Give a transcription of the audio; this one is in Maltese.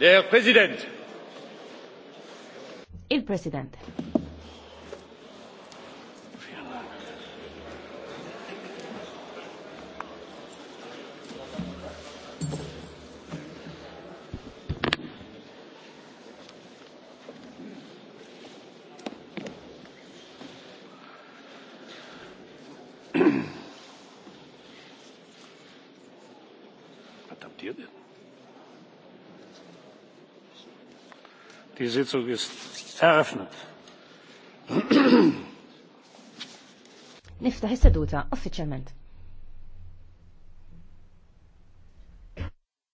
Der Präsident. Il President. Adaptiert. die sitzung ist eröffnet. Niftaħ is-seduta uffiċjalment.